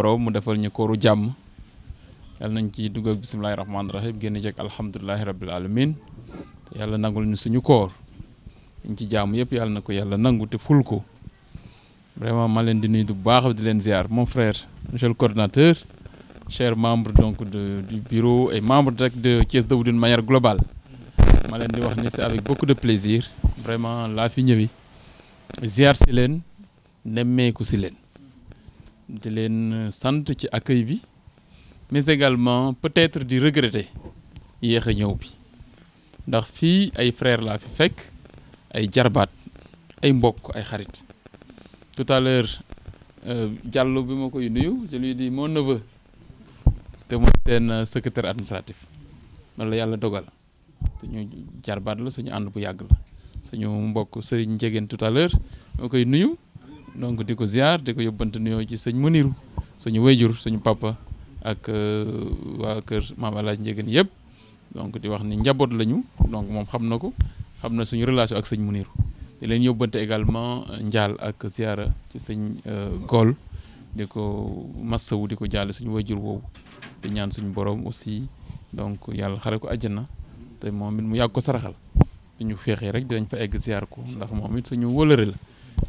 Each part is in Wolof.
borom mu defal ñu kooru jàmm yàlla nañ ci dugg ak bisimilahi rahmaani rahim génn ceeg alhamdulilahi rabil alamin yàlla nangul ñu suñu koor ñu ci jàmm yëpp yàlla na ko yàlla nangu te ful ko vraiment ma leen di nuyu bu baax di leen ziar mon frère monsieur le coordinateur cher membre donc de du bureau et membre rek de Thiès Debout d'une manière globale ma leen di wax ni c'est avec beaucoup de plaisir vraiment laa fi ñëwi ziar si leen nemmeeku si leen di leen euh, sant ci accueil bi mais également peut-être di regretter yéex a ñëw bi ndax fii ay frère laa fi fekk ay jarbaat ay mbokk ay xarit tout à l'heure euh, bi ma koy nuyu je lui dis mon neveu te mooy seen euh, secrétaire administratif loolu la yàlla dogal suñu jarbaat la suñu ànd bu yàgg la suñu mbokk Serigne Njegeen tout à koy nuyu donc di ko ziar di ko yóbbante nuyoo ci sëñ Muniru suñu wéyjur suñu papa ak euh, waa kër maam El Hadj Ndiéguène yëpp donc di wax ni njaboot lañu donc moom xam na ko xam na suñu relation ak sëñ Muniru di leen yóbbante également njaal ak ziara ci sëñ euh, Gol di ko massawu di ko jaale suñu wéyjur woowu di ñaan suñu borom aussi donc yàlla xare ko àjjana te moom it mu yàgg ko saraxal ñu féexee rek dañ fa egg ziar ko ndax moom it suñu wëlëre la.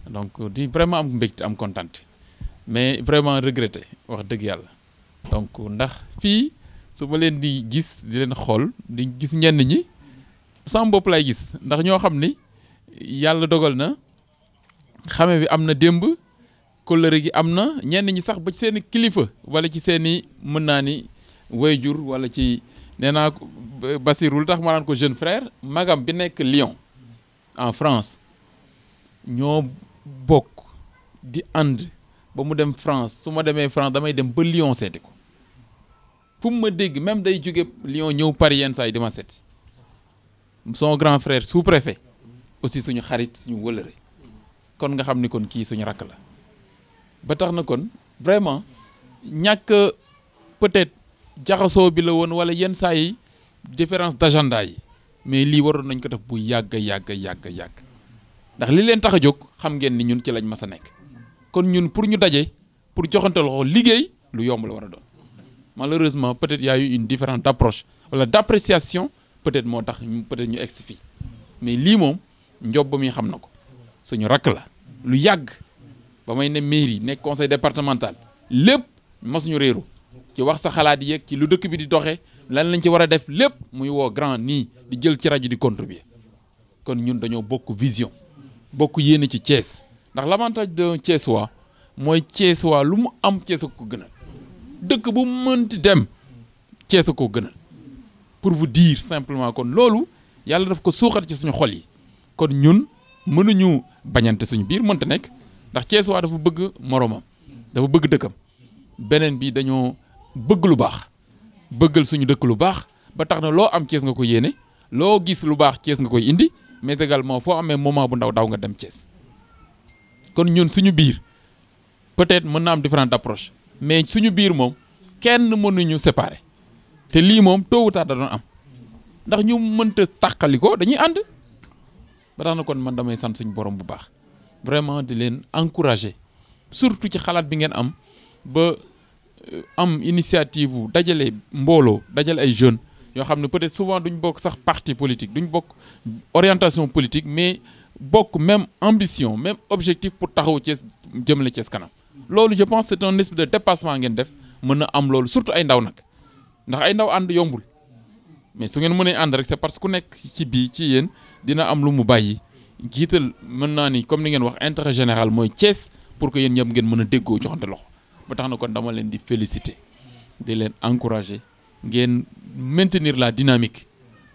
donc di vraiment am mbégte am kontaan mais vraiment regretté wax dëgg yàlla donc ndax fii su ma leen di gis di leen xool di gis ñenn ñi sama bopp lay gis ndax ñoo xam ni yàlla dogal na xame bi am na démb kóllëre gi am na ñenn ñi sax ba ci seen i kilifa wala ci seen i mën naa ni way wayjur wala ci nee naa Basirou lu tax ma naan ko jeune frère magam bi nekk Lyon en France ñoo bokk di ànd ba mu dem France su ma demee France damay dem ba Lyon seeti ko fu ma dégg même day jóge Lyon ñëw Paris yenn saa yi di ma seeti son grand frère sous-préfet aussi suñu xarit suñu wëlëre kon nga xam ni kon kii suñu rakk la ba tax na kon vraiment ñàkk peut-être jaxasoo bi la woon wala yenn saa yi différence d'agenda yi mais lii waroon nañ ko def bu yàgg yàgg yàgg yàgg ndax li leen tax a jóg xam ngeen ni ñun ci lañ mas a nekk kon ñun pour ñu daje pour joxante loxo liggéey lu yomb la war a doon malheureusement peut-être y a une différence d'approche wala d'appréciation peut-être moo tax peut-être ñu egsi fii mais lii moom njob ba muy xam na ko suñu rakk la lu yàgg ba may ne mairie nekk conseil départemental lépp mas ñu réeru ci wax sa xalaat yeeg ci lu dëkk bi di doxee lan lañ ci war a def lépp muy woo grand nii di jël ci rajo di contribuer kon ñun dañoo bokk vision bokk yéene ci cees ndax l'avantage de Thiès waa mooy Thiès lu mu am Thiès a ko gënal dëkk bu mënti dem Thiès a ko gënal pour vous dire simplement kon loolu yàlla daf ko suuxat ci suñu xol yi kon ñun mënuñu bañante suñu biir mënta nekk ndax Thiès waa dafa bëgg moromam dafa bëgg dëkkam beneen bi dañoo bëgg lu baax bëggal suñu dëkk lu baax ba tax na loo am Thiès nga ko yéene loo gis lu baax cees nga koy indi mais également foo amee moment bu ndaw daw nga dem Thiès kon ñun suñu biir peut-être mën na am différente approche mais suñu biir moom kenn mënuñu séparer te lii moom tôt ou da doon am ndax ñu mënta tàqaliko dañuy ànd ba tax na kon man damay sant suñu borom bu baax vraiment di leen encourager surtout ci xalaat bi ngeen am ba euh, am initiative bu dajale mbooloo dajale ay jeunes. yoo xam ne peut-être souvent duñ bokk sax parti politique duñ bokk orientation politique mais bokk même ambition même objectif pour taxaw Thiès jëmale Thiès kanam. loolu je pense c'est un espèce de dépassement ngeen def mën na am loolu surtout ay ndaw nag ndax ay ndaw ànd yombul mais su ngeen mënee ànd rek c'est parce que ku nekk ci bii ci yéen dina am lu mu bàyyi jiital mën naa ni comme ni ngeen wax intérêt général mooy Thiès pour que yéen ñëpp ngeen mën a déggoo joxante loxo ba tax na kon dama leen di féliciter di leen encourager. ngeen maintenir la dynamique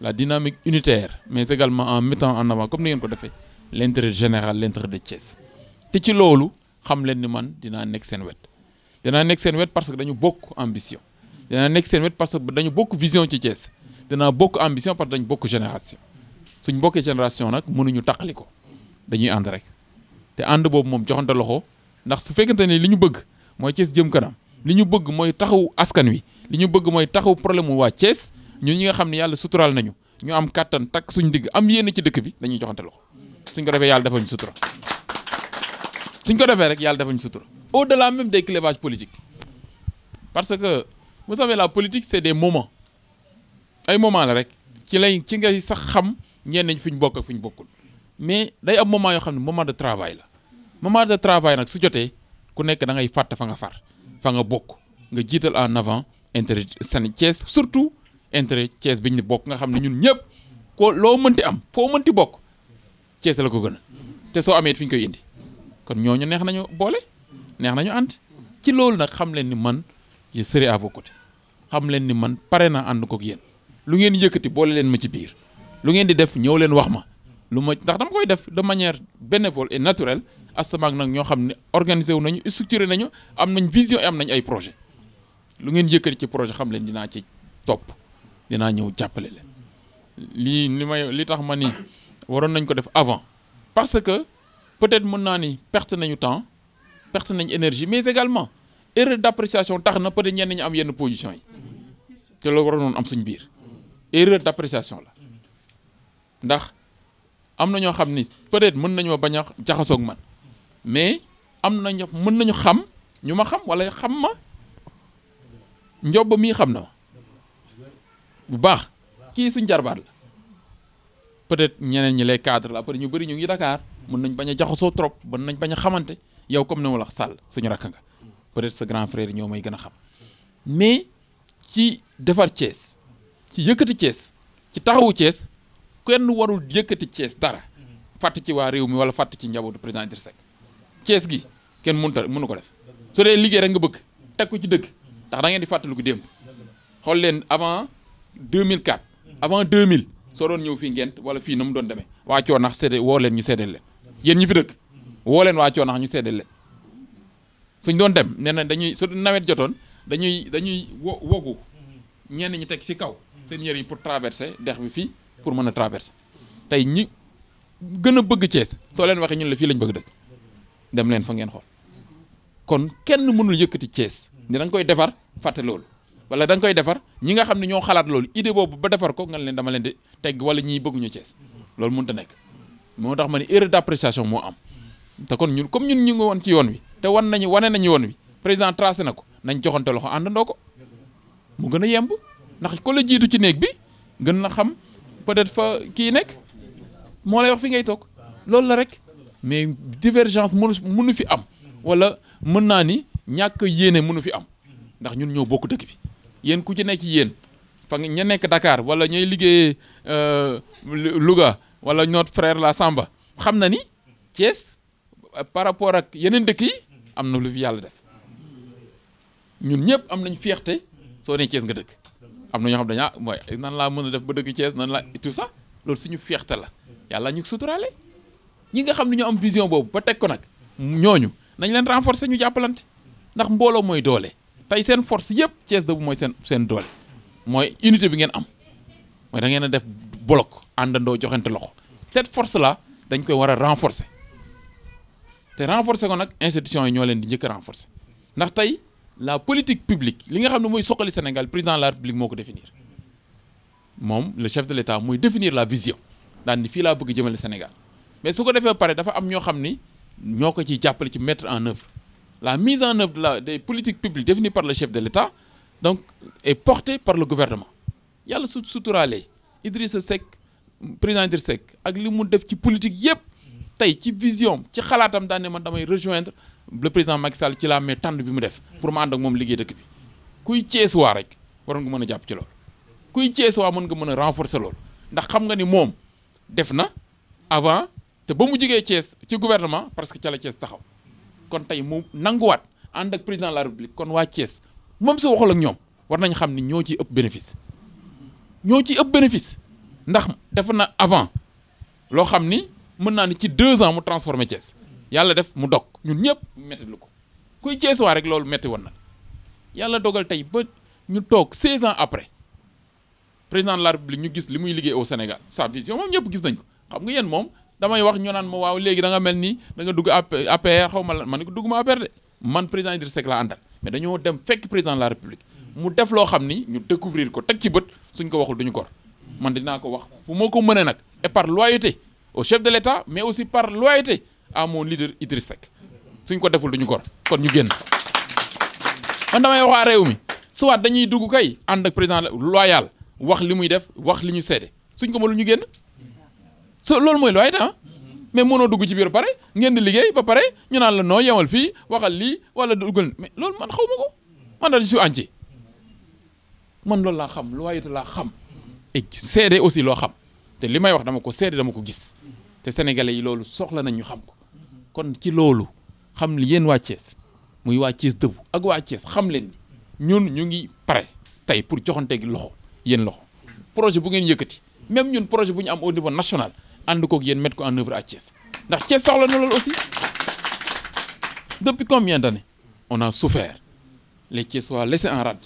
la dynamique unitaire mais également en mettant en avant comme ni ngeen ko defee l'intérêt général l'intérêt de Thiès te ci loolu xam leen ni man dinaa nekk seen wet dinaa nekk seen wet parce que dañu bokk ambition dinaa nekk seen wet parce que dañu bokk vision ci Thiès dinaa bokk ambition parce que dañu bokk génération suñ bokkee génération nag mënuñu taqali ko dañuy ànd rek te ànd boobu moom joxante loxo ndax su fekkente ne li ñu bëgg mooy Thiès jëm kanam li ñu bëgg mooy taxawu askan wi li ñu bëgg mooy taxaw problème mu waa Thiès ñun ñi nga xam ne yàlla suturaal nañu ñu am kàttan takk suñ digg am yéene ci dëkk bi dañuy joxante loxo suñ ko defee yàlla defal ñu sutura suñ ko defee rek yàlla defal ñu sutura au delà même des clivages politiques parce que vous savez la politique c'est des moments ay moment la rek ci lay ci ngay sax xam ñenn ñi fi ñu bokk ak ñu bokkul mais day am moment yoo xam ne moment de travail la moment de travail nag su jotee ku nekk da ngay fàtt fa nga far fa nga bokk nga jiital en avant intérêt sani Thiès surtout intérêt cees bi ñu bokk nga xam ne ñun ñëpp ko loo mënti am foo mënti bokk Thiès la ko gën a te soo amee fi ñu koy indi kon ñooñu neex nañu boole neex nañu ànd ci loolu nag xam leen ni man je serai à vos xam leen ni man pare na ànd kook yéen lu ngeen yëkkati boole leen ma ci biir lu ngeen di def ñëw leen wax ma lu ma ndax dama koy def de manière bénévole et naturelle asamaak nag ñoo xam ne organisé wu nañu structuré nañu am nañ vision et am nañ ay projet lu ngeen yëkkati ci projet xam leen dinaa ci topp dinaa ñëw jàppale leen lii li may li tax ma ni waroon nañ ko def avant parce que peut-être mën naa ni perte nañu temps perte nañ énergie mais également erreur d'appréciation tax na peut-être ñenn ñi am yenn position yi te loolu waroon am suñ biir erreur d'appréciation la ndax am na ñoo xam ni peut-être mën nañu ma bañ a jaxasoog man mais am nañu mën nañu xam ñu ma xam walla xam ma njob mii xam na ma bu baax kii suñ jarbaat la peut-être ñeneen ñi lay cadre la après ñu bari ñu ngi Dakar mën nañ bañ a jaxasoo trop mën nañ bañ a xamante yow comme ni ma la sàll suñu rakk nga peut-être sa grand frère ñoo may gën a xam mais ci defar Thiès ci yëkkati Thiès ci taxawu cees kenn warul yëkkati Thiès dara fàtt ci waa réew mi wala fàtt ci njabootu président Idrissa Seck Thiès gi kenn mënut a mënu ko def su dee liggéey rek nga bëgg teg ko ci dëgg. ndax dangeen ngeen di fàttaliku démb xool leen avant 2004 avant 2000 soo doon ñëw fii Ngent wala fii na mu doon demee waa Coonax seede woo leen ñu seedeel leen yéen ñi fi dëkk woo leen waa Coonax ñu seedeel leen suñ doon dem nee na dañuy su nawet jotoon dañuy dañuy wo wogu ñenn ñi teg si kaw seen yére yi pour traverser dex bi fii pour mën a traverser tey ñi gën a bëgg cees soo leen waxee ñun la fii lañ bëgg dëkk dem leen fa ngeen xool kon kenn mënul yëkkati Thiès ne da koy defar fàtte loolu wala da koy defar ñi nga xam ne ñoo xalaat loolu idée boobu ba defar ko nga leen dama leen de teg wala ñi bëgguñu Cees loolu mënut a nekk moo tax ma ne erreur d'appréciation moo am te kon ñun comme ñun ñu woon ci yoon wi te wan nañu wane nañu yoon wi président tracé na ko nañ joxante loxo àndandoo ko mu gën a yemb ndax ko la jiitu ci néeg bi gën na xam peut-être fa kii nekk moo lay wax fi ngay toog loolu la rek mais divergence mënu mënu fi am wala mën naa ni ñàkk yéene mënu fi am ndax ñun ñoo bokk dëkk fi yéen ku ci nekk yéen fa ña nekk Dakar wala ñooy liggéey euh, Louga wala notre frère la sàmba xam na ni Thiès par rapport ak yeneen dëkk yi am na lu fi yàlla def ñun ñëpp am nañ fierté soo nee Thiès nga dëkk am na ñoo xam dañaa ah, mooy nan laa mën a def ba dëkk Thiès nan laa tout ça loolu suñu feexte la yàlla ñu suturaale ñi nga xam ne ñoo am vision boobu ba teg ko nag ñooñu nañ leen renforcer ñu jàppalante ndax mbooloo mooy doole tey seen force yëpp Thiès Debout mooy seen seen doole mooy unité bi ngeen am mooy da ngeen a def bloc àndandoo joxante loxo cette force la dañ koy war a renforcer te renforcer ko nag institution yi ñoo leen di njëkk renforce ndax tey la politique publique li nga xam ne mooy soqali Sénégal président la République moo ko définir moom le chef de l'État mooy définir la vision daan ni fii laa bëgg jëmale Sénégal mais su ko defee pare dafa am ñoo xam ni ñoo ko ciy jàppale ci mettre en œuvre la mise en œuvre de la, des politiques publiques définies par le chef de l'État donc est portée par le gouvernement yàlla su suturaale Idrissa Seck président Idrissa Seck ak li mu def ci politique yëpp tey ci vision ci xalaatam daan ne man damay rejoindre le président Macky Sall ci la mais tànn bi mu def pour ma ànd ak moom liggéey dëkk bi kuy Cees waa rek waroon nga mën a jàpp ci loolu kuy Cees waa mën nga mën a renforcer loolu ndax xam nga ni moom def na avant te ba mu jigee Cees ci gouvernement parce que ca la Cees taxaw kon tey mu nanguwaat ànd ak président de la république kon waa Thiès moom sa waxul ak ñoom war nañ xam ni ñoo ciy ëpp bénéfice ñoo ci ëpp bénéfice ndax dafa na avant loo xam ni mën naa ni ci deux ans mu transformé Thiès yàlla def mu dog ñun ñëpp métti lu ko kuy Thiès waa rek loolu métti woon na yàlla dogal tey ba ñu toog seize ans après président de la république ñu gis li muy liggéey au Sénégal sa vision moom ñëpp gis nañ ko xam nga yéen moom damay wax ñu naan ma waaw léegi danga mel nii da nga dugg APR xaw ma lan man ko dugg ma APR de man président Idriss Seck laa dem fekk président de la République mu def loo xam ni ñu découvrir ko teg ci bët suñ ko waxul duñu kor man dinaa ko wax fu moo ko mënee nag et par loyauté au chef de l'État mais aussi par loyauté à mon leader Idriss Seck suñ ko deful duñu kor kon ñu génn man damay wax waa réew mi soit dañuy dugg kay ànd ak président loyal wax li muy def wax li ñu seede suñ ko mënul ñu génn so loolu mooy looy ah. mais mënoo dugg ci biir pare ngeen di liggéey ba pare ñu naan la noo yemal fii waxal lii wala duggal mais loolu man xaw ma ko man daal su ànci man loolu laa xam looyatu laa xam et aussi loo xam te li may wax dama ko seede dama ko gis te sénégalais yi loolu soxla nañ ñu xam ko kon ci loolu xam li yéen waa Thiès muy waa Thiès dëgg ak waa Thiès xam leen ñun ñu ngi pare tey pour joxanteeg loxo yéen loxo projet bu ngeen yëkkati même ñun projet bu ñu am au niveau national. ànd kook yéen mettre ko en œuvre à Thiès ndax Thiès soxla na loolu aussi depuis combien d'années on a souffert les Thiessois laissés en rade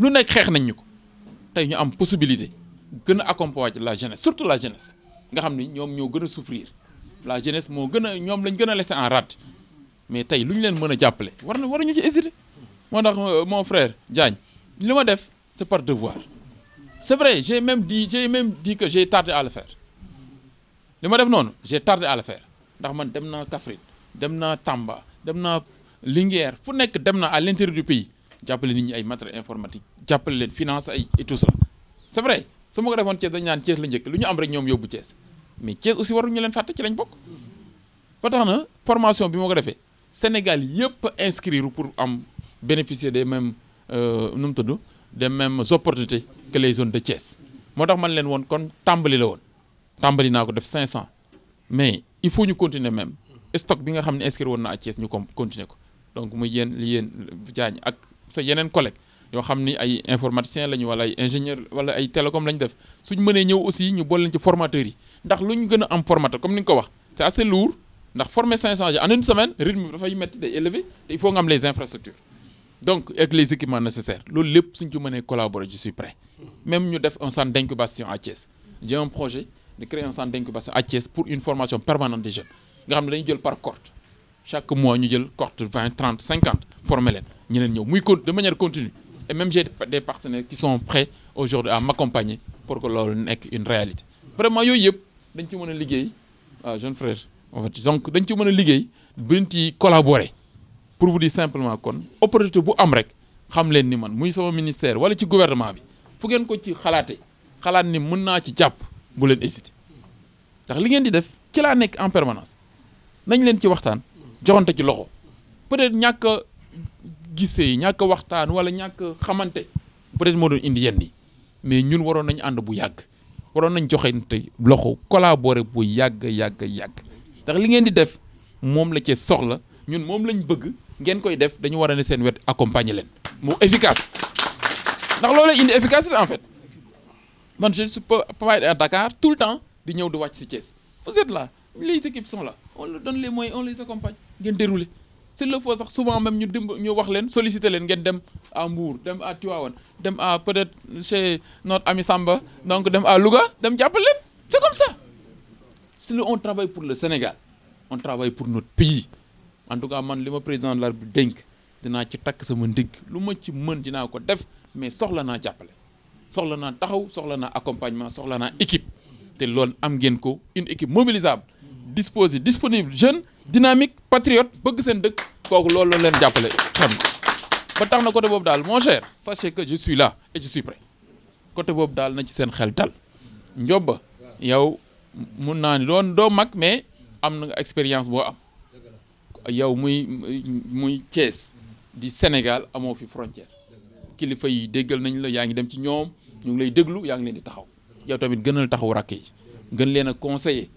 lu nekk xeex nañ ñu ko tey ñu am possibilité gën a accompagner la jeunesse surtout la jeunesse nga xam ni ñoom ñoo gën a souffrir la jeunesse moo gën a ñoom lañ gën a laissé en rade mais tey lu ñu leen mën a jàppale war na war ñu ci hésiter moo tax euh, mon frère Diagne li ma def c'est par devoir c'est vrai j'ai même dit j'ai même dit que j'ai li ma def noonu j'ai tardé à le ndax man dem naa Kaffrine dem naa Tamba dem naa Linguère fu nekk dem na à l'intérieur du pays jàppale nit ñi ay matériel informatique jàppale leen finance ay et tout ça c'est vrai su ma ko defoon Thiès dañ naan Thiès la njëkk lu ñu am rek ñoom yóbbu Thiès mais Thiès aussi ñu leen fàtte ci lañ bokk ba tax na formation bi ma ko defee Sénégal yëpp inscrire pour am bénéficier des mêmes euh, nu mu tudd des mêmes opportunités que les zones de Thiès moo tax man leen woon kon tàmbali la woon tàmbali naa ko def 500 mais il faut ñu continuer même stock bi nga xam ne inscrire woon na à Thiès ñu ko continuer ko donc muy yéen li yéen jaañ ak sa yeneen collègue yoo xam ni ay informaticien lañu wala ay ingénieur wala ay télécom lañ def suñ mënee ñëw aussi ñu boole leen ci formateurs yi ndax lu ñu gën a am formateur comme ni nga ko wax c'est assez lourd ndax former 500 en une semaine rythme bi dafay métti day élevé te il faut nga am les infrastructures donc ak les équipements lépp suñ mënee collaborer je suis ñu def un centre d'incubation à Thiès j'ai un projet de créer un centre d'incubation à Thiès pour une formation permanente des jeunes nga xam ne dañu jël par cohorte chaque mois ñu jël cohorte vingt trente cinquante former leen ñeneen ñëw muy con de manière continue et même j'ai des partenaires qui sont prêts aujourd'hui à m'accompagner pour que loolu nekk une réalité vraiment yooyu yëpp dañ ci mën a liggéey ah jeune frère en fait donc dañ ci mën a liggéey buñ ci collaborer pour vous dire simplement kon opportunité bu am rek xam leen ni man muy sama ministère wala ci gouvernement bi fu ngeen ko ci xalaate xalaat ni mën naa ci jàpp. bu leen hésité ndax li ngeen di def ci laa nekk en permanence nañ leen ci waxtaan joxante ci loxo peut-être ñàkk a gisee ñàkk waxtaan wala ñàkk xamante peut-être moo doon indi yenn yi mais ñun waroon nañ ànd bu yàgg waroon nañ joxante loxo collaborer bu yàgg yàgg yàgg ndax li ngeen di def moom la ci soxla ñun moom lañ bëgg ngeen koy def dañu war ne seen wet accompagner leen mu efficace ndax loolu indi efficacité en fait. man je suis pas à Dakar tout le temps di ñëw di wàcc si Thiès vous la là les équipes sont là on leur donne les moyens on les accompagne ngeen dérouler s'il le faut sax souvent même ñu dimb ñu wax leen solliciter leen ngeen dem a Mbour dem à Tivaouane dem à peut-être chez notre ami Samba donc dem à Louga dem jàppale leen c'est comme ça si on travaille pour le Sénégal on travaille pour notre pays en tout cas man li ma président de la République dénk dinaa ci takk sama ndigg lu ma ci mën dinaa ko def mais soxla naa jàppale soxla naa taxaw soxla naa accompagnement soxla naa équipe te loolu am ngeen ko une équipe mobilisable disposée disponible jeune dynamique patriote bëgg seen dëkk kooku loolu la leen jàppale xam ba tax na côté boobu daal mon cher sachez que je suis là je suis prêt côté boobu daal na ci seen xel dal Ndiob yow mun naa ni doo mag mais am na expérience boo am yow muy muy Thiès di Sénégal amoo fi frontière kilifa yi déggal nañ la yaa ngi dem ci ñoom ñu ngi lay déglu yaa ngi leen di taxaw yow tamit gënal taxaw rakk yi gën leen a conseiller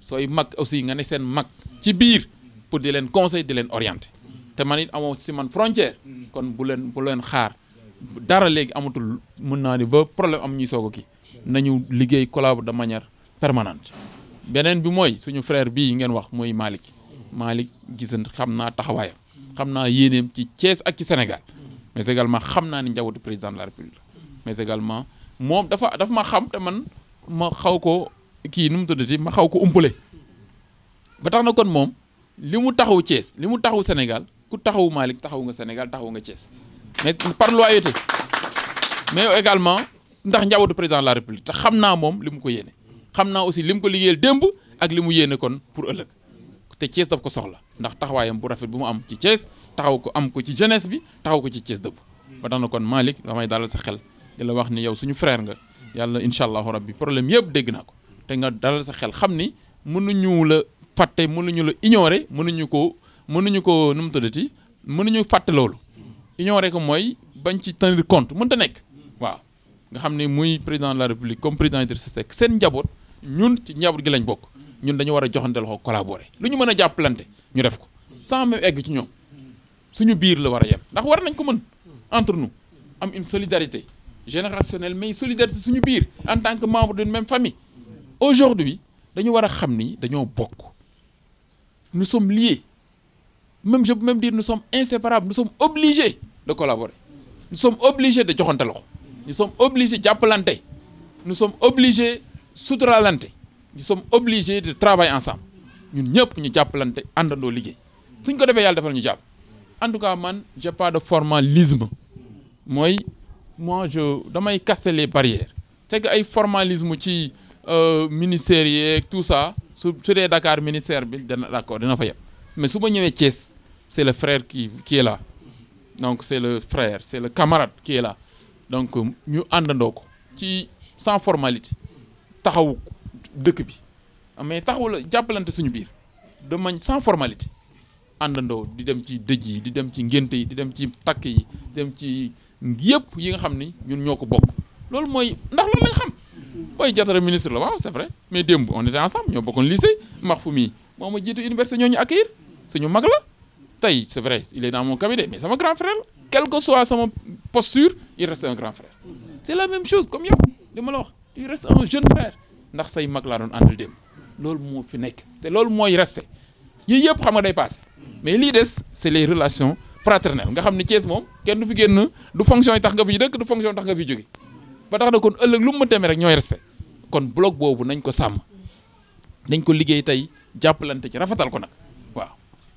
sooy mag aussi nga ne seen mag ci biir pour di leen conseil di leen orienter te man it amoo si man frontière kon bu leen bu leen xaar dara léegi amatul mën naa ni ba problème am ñuy soog ki nañu liggéey collabo de manière permanente beneen bi mooy suñu frère bi ngeen wax mooy Malick Malick gisan xam naa taxawaayam xam naa yé ci Thiès ak ci Sénégal mais également xam naa ni njabootu président de la république mais également moom dafa dafa ma xam te man ma xaw ko kii nu mu tuddati ma xaw ko umpale ba tax na kon moom li mu taxaw Thiès li mu taxaw Sénégal ku taxawu Malick taxaw nga Sénégal taxaw nga Thiès mais par loyauté mais également ndax njabootu président de la république te xam naa moom li ko yéene xam naa aussi li ko liggéeyal démb ak li mu kon pour ëllëg te Thiès daf ko soxla ndax taxawaayam bu rafet bu mu am ci Thiès taxaw ko am ko ci jeunesse bi taxaw ko ci Thiès dëbb hmm. ba tax na kon Malick damay dalal sa xel di la wax ni yow suñu frère nga yàlla incha allahu rabbi problème yëpp dégg naa ko te nga dalal sa xel xam ni mënuñu la fàtte ñu la ignorer mënuñu ko mënuñu ko nu mu tuddati mënuñu fàtte loolu ignorer ko mooy bañ ci tenir compte mënta nekk hmm. waaw nga xam ni muy président de la république comme président Idrissa seen njaboot ñun ci njaboot gi lañ bokk ñun dañu war a joxante loxo lu ñu mën a jàppalante ñu def ko sans même egg ci ñoom suñu biir la war a yem ndax war nañ ko mën entre nous am une solidarité générationnelle mais solidarité suñu biir en tant que membre d'une même famille aujourd'hui dañu war a xam ni dañoo bokk nous sommes liés même je peux même dire nous sommes inséparables nous sommes obligés de collaborer nous som obligés de joxante loxo nous sommes obligés jàppalante nous sommes obligés suturalante nous sommes obligés de travailler ensemble ñun ñëpp ñu jàppalante àndandoo liggéey suñ ko defee yàlla defal ñu jàpp en tout cas man j'ai pas de formalisme mooy mois je damay casser les teg ay formalisme ci euh, ministère yee tout ça su su dee Dakar ministère bi dana d'accord dina fa yem mais su ma ñëwee Thiès c'est le frère kii kii la donc c'est le frère c'est le camarade kii la donc euh, ñu àndandoo ko ci sans formalité taxawu dëkk bi ah, mais taxaw la jàppalante suñu biir de manière sans formalité àndandoo di dem ci dëj yi di dem ci ngénte yi di dem ci takk yi di dem ci yëpp yi nga xam ni ñun ñoo ko bokk loolu mooy ndax loolu lañ xam booy jatara ministre la waaw c'est vrai mais démb on était ensemble ñoo bokkoon lycée max fu mii moo ma jiitu université ñooñu ñu accueillir suñu mag la tey c'est vrai il e dans mon cabinet mais sama grand frère la quelle que soit sama posture il reste un grand même chose comme yow ma la wax il ndax say mag laa doon de dem loolu moo fi nekk te loolu mooy resté yii yëpp xam nga day passé mais lii des c'est les relations fraternelles nga xam ne Thiès moom kenn du fi génn du fonction yi tax nga fi dëkk du fonction tax nga jóge ba tax na kon ëllëg lu mu mën demee rek ñooy resté kon bloc boobu nañ ko sàmm nañ ko liggéey tey jàppalante ci rafetal ko nag waaw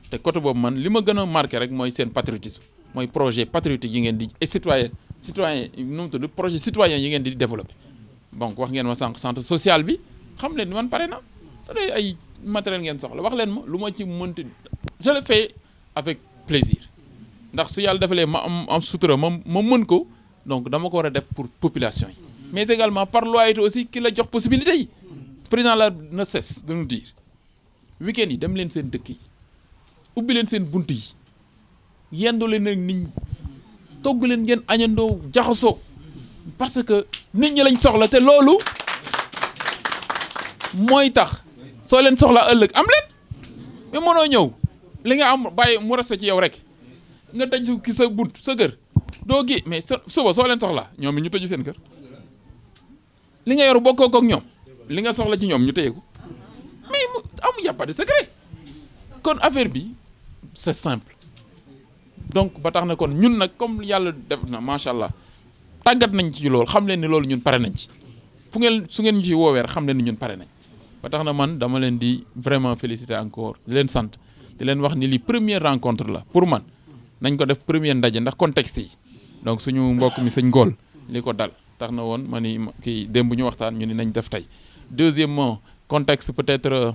te côté boobu man li ma gën a marqué rek mooy seen patriotisme mooy projet patriotique yi ngeen di et citoyen citoyen nu mu tudd yi ngeen di développé donc wax ngeen ma sànq centre social bi xam leen man pare na su dee ay matériel ngeen soxla wax leen ma lu ma ci mënti je le avec plaisir ndax su yàlla defalee ma am am sutura ma ma mën ko donc dama ko war a def pour population yi mais également par loyauté aussi ki la jox possibilité yi président la ne cesse de nous dire yi dem leen seen dëkk yi ubbi leen seen bunt yi yendoo leen ak nit togg leen ngeen añandoo jaxasoo parce que nit ñi lañ soxla te loolu mooy tax soo leen soxla ëllëg am leen mais mënoo ñëw li nga am bàyyi mu resté ci yow rek nga tëj ki sa bunt sa kër doo gi mais suba soo leen soxla ñoom it ñu tëju seen kër li nga yor bokkoo kook ñoom li nga soxla ci ñoom ñu téye ko mais mu amul de secret kon affaire bi c'est simple donc ba tax na kon ñun nag comme yàlla def na macha allah. tàggat nañ ci loolu xam leen ni loolu ñun pare nañ ci fu ngeen su ngeen ñu ci woowee xam leen ni ñun pare nañ ba tax na man dama leen di vraiment féliciter encore di leen sant di leen wax ni li première rencontre la pour man nañ ko def première ndaje ndax contexte yi donc suñu mbokk mi sëñ Ngol li ko dal tax na woon ma ni kii démb ñu waxtaan ñu ni nañ def tey deuxièmement contexte peut-être euh,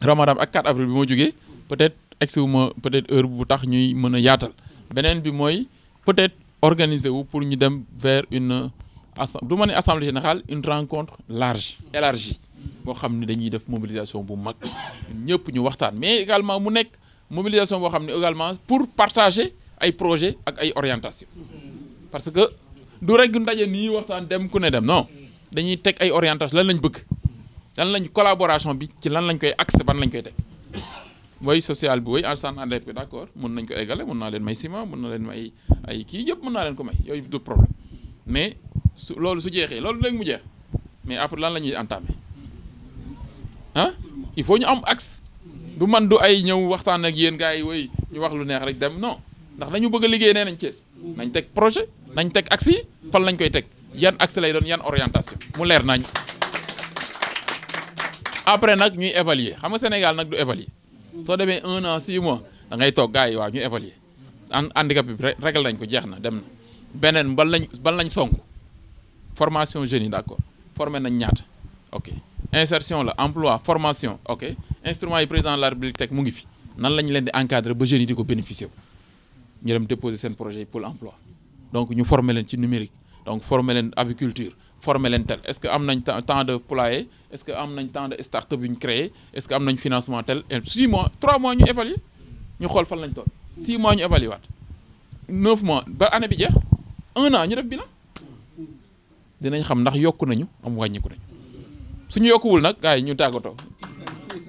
Ramadan ak 4 avril bi moo jógee peut-être eggsi wu ma peut-être heure bu tax ñuy mën a yaatal beneen bi mooy peut-être. organiser wu pour ñu dem vers une du ma ne assemblée générale une rencontre large élargie boo xam ne dañuy def mobilisation bu mag ñëpp ñu waxtaan mais également mu nekk mobilisation boo xam ne également pour partager ay projet ak ay orientation parce que du rek ndaje nii waxtaan dem ku ne dem non dañuy teg ay orientation lan lañ bëgg lan lañ collaboration bi ci lan lañ koy accès ban lañ koy teg way social bi way alsan ànd bi d'accord mun nañ ko égale mun naa leen may ciment mun na leen may ay kii yëpp mun naa leen ko may yooyu du problème mais su loolu su jeexee loolu léegi mu jeex mais après lan la ñuy entamé ah il faut ñu am axe du man du ay ñëw waxtaan ak yéen gars yi way ñu wax lu neex rek dem non ndax dañu bëgg a liggéey nee nañ Thiès nañ teg projet nañ teg axe yi fan lañ koy teg yan axe lay doon yan orientation mu leer nañ après nag ñuy évaluer xam nga Sénégal nag du évaluer soo demee un an six mois da ngay toog gars yi waaw ñu évaluer en handicap bi réglé nañ ko jeex na dem na beneen ban lañ ban lañ sonk formation jeunes yi d' accord formé nañ ñaat ok insertion la emploi formation ok instrument yi président la République teg mu ngi fi nan lañ leen di encadrer ba jeunes di ko bénéficier ñu dem déposer seen projet yi pôle emploi donc ñu former leen ci numérique donc former leen aviculture former leen est-ce que am nañ temps de poulailler est-ce que am nañ temps de start-up yu ñu créé est-ce que am nañ financement tel six mois trois mois ñu évaluer ñu xool fan lañ toll six mois ñu évaluer waat neuf mois ba année bi jeex un an ñu def bilan dinañ xam ndax yokk nañu am wàññiku nañ suñu yokkuwul nag gars yi ñu tàggatoo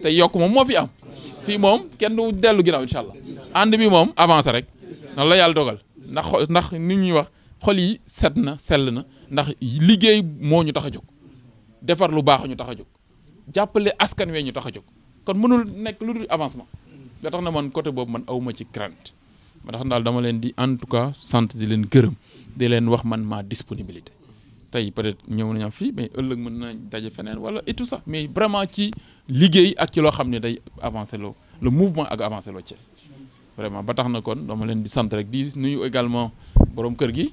te yokk moom moo fi am fii moom kenn du dellu ginnaaw incha allah ànd bi moom avancé rek nan la yàlla dogal ndax ndax nit ñuy wax xol yi set na sell na ndax liggéey moo ñu tax a jóg defar lu baax ñu tax a jóg jàppale askan wee ñu tax a jóg kon mënul nekk lu du avancement da tax na man côté boobu man awuma ci crainte ma tax daal dama leen di en tout cas sant di leen gërëm di leen wax man ma disponibilité tey peut-être ñëw nañu fii mais ëllëg mën na daje feneen wala et sax mais vraiment ci liggéey ak ci loo xam ne day avancer loo le mouvement ak avancer loo Thiès vraiment ba tax na kon dama leen di sant rek di nuyu également borom kër gi.